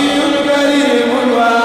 نبي كريم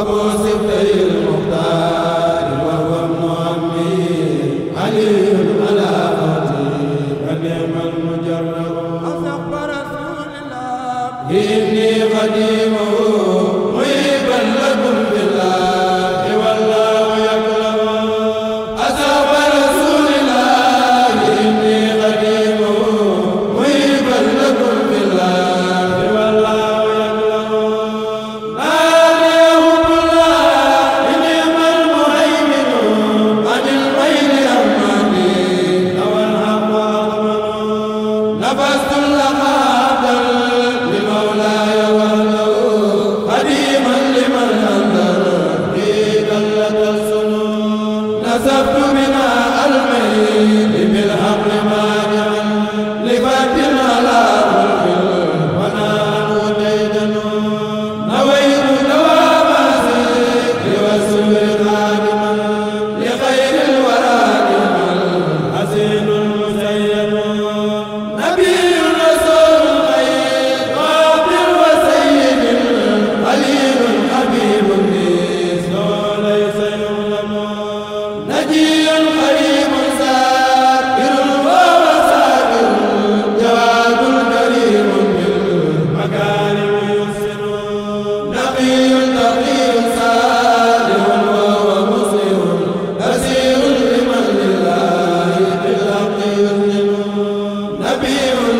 أبو سبيل Nasab Nabi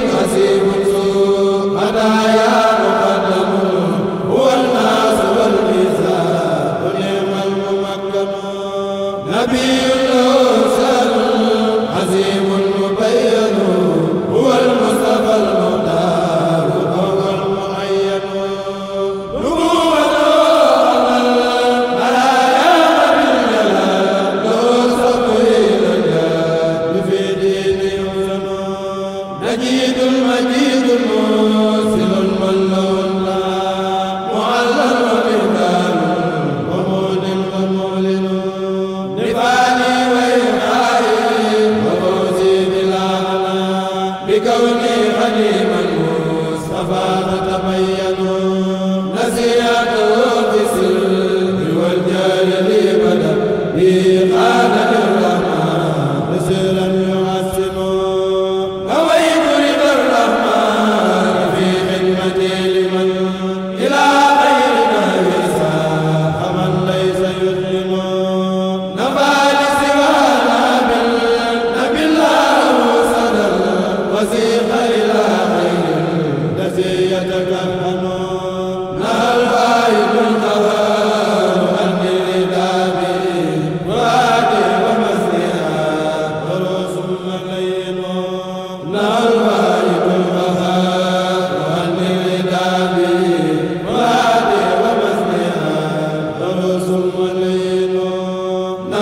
kaw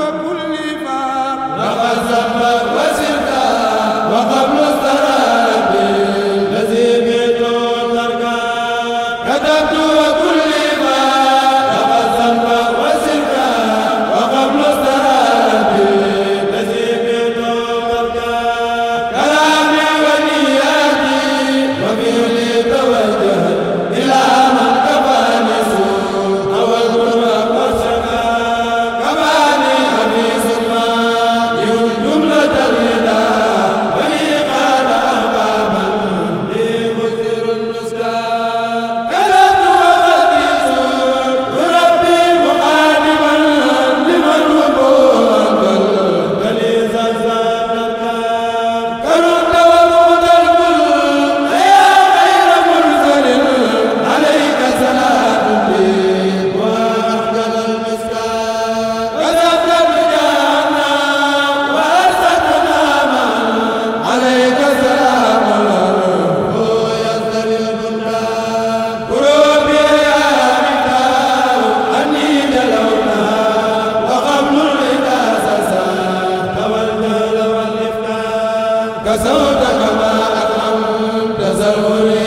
وكل ما رفض وسلطان وقبل الثرى كسوتك ما أكرمت زهري